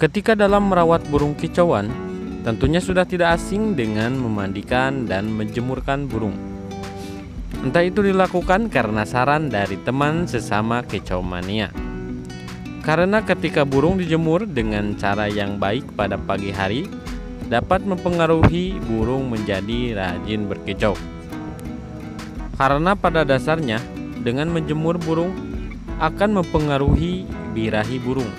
Ketika dalam merawat burung kicauan, tentunya sudah tidak asing dengan memandikan dan menjemurkan burung. Entah itu dilakukan karena saran dari teman sesama kicau mania. Karena ketika burung dijemur dengan cara yang baik pada pagi hari, dapat mempengaruhi burung menjadi rajin berkicau. Karena pada dasarnya, dengan menjemur burung akan mempengaruhi birahi burung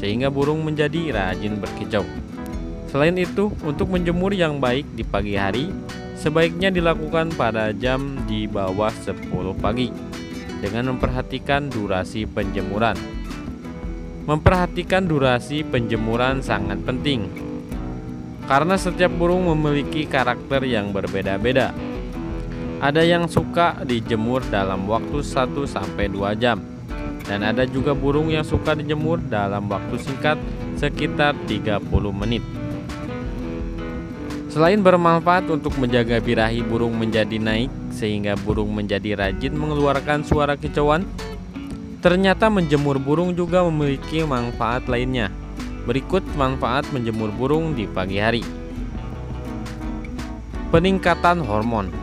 sehingga burung menjadi rajin berkicau. Selain itu, untuk menjemur yang baik di pagi hari, sebaiknya dilakukan pada jam di bawah 10 pagi dengan memperhatikan durasi penjemuran. Memperhatikan durasi penjemuran sangat penting karena setiap burung memiliki karakter yang berbeda-beda. Ada yang suka dijemur dalam waktu 1 sampai 2 jam dan ada juga burung yang suka dijemur dalam waktu singkat sekitar 30 menit. Selain bermanfaat untuk menjaga birahi burung menjadi naik sehingga burung menjadi rajin mengeluarkan suara kicauan, ternyata menjemur burung juga memiliki manfaat lainnya. Berikut manfaat menjemur burung di pagi hari. Peningkatan hormon.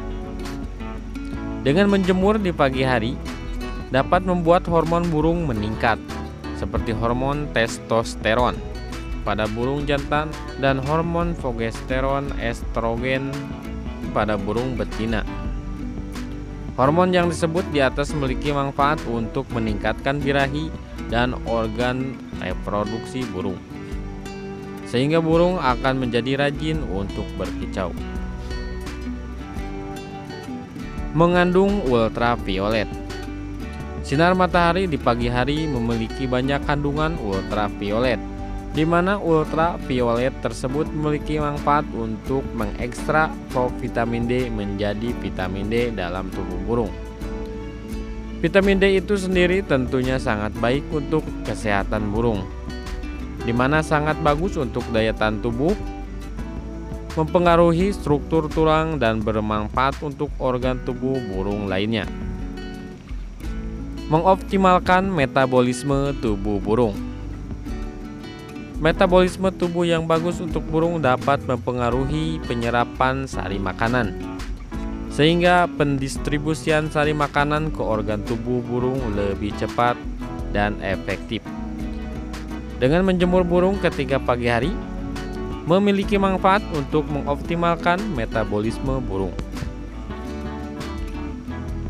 Dengan menjemur di pagi hari, dapat membuat hormon burung meningkat, seperti hormon testosteron pada burung jantan dan hormon progesteron estrogen pada burung betina. Hormon yang disebut di atas memiliki manfaat untuk meningkatkan birahi dan organ reproduksi burung, sehingga burung akan menjadi rajin untuk berkicau. Mengandung ultraviolet Sinar matahari di pagi hari memiliki banyak kandungan ultraviolet, di mana ultraviolet tersebut memiliki manfaat untuk mengekstrak provitamin D menjadi vitamin D dalam tubuh burung. Vitamin D itu sendiri tentunya sangat baik untuk kesehatan burung, di mana sangat bagus untuk daya tahan tubuh, mempengaruhi struktur tulang dan bermanfaat untuk organ tubuh burung lainnya mengoptimalkan metabolisme tubuh burung. Metabolisme tubuh yang bagus untuk burung dapat mempengaruhi penyerapan sari makanan, sehingga pendistribusian sari makanan ke organ tubuh burung lebih cepat dan efektif. Dengan menjemur burung ketika pagi hari, memiliki manfaat untuk mengoptimalkan metabolisme burung,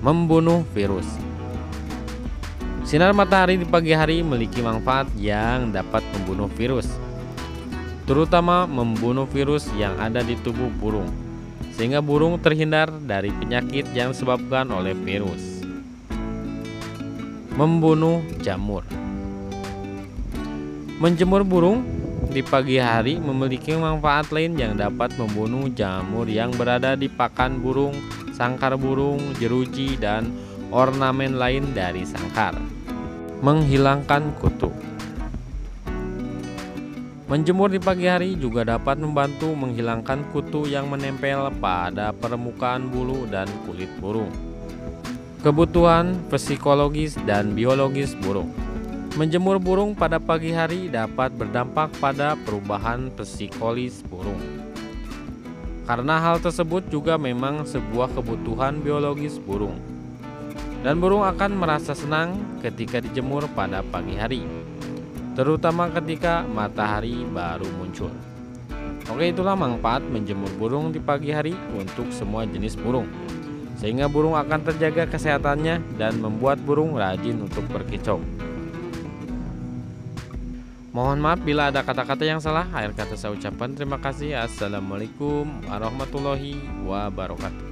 membunuh virus. Sinar matahari di pagi hari memiliki manfaat yang dapat membunuh virus, terutama membunuh virus yang ada di tubuh burung, sehingga burung terhindar dari penyakit yang disebabkan oleh virus. Membunuh jamur Menjemur burung di pagi hari memiliki manfaat lain yang dapat membunuh jamur yang berada di pakan burung, sangkar burung, jeruji, dan ornamen lain dari sangkar menghilangkan kutu. Menjemur di pagi hari juga dapat membantu menghilangkan kutu yang menempel pada permukaan bulu dan kulit burung. Kebutuhan psikologis dan biologis burung. Menjemur burung pada pagi hari dapat berdampak pada perubahan psikologis burung. Karena hal tersebut juga memang sebuah kebutuhan biologis burung dan burung akan merasa senang ketika dijemur pada pagi hari, terutama ketika matahari baru muncul. Oke, itulah manfaat menjemur burung di pagi hari untuk semua jenis burung, sehingga burung akan terjaga kesehatannya dan membuat burung rajin untuk berkicau. Mohon maaf bila ada kata-kata yang salah. Akhir kata saya ucapkan terima kasih. Assalamualaikum warahmatullahi wabarakatuh.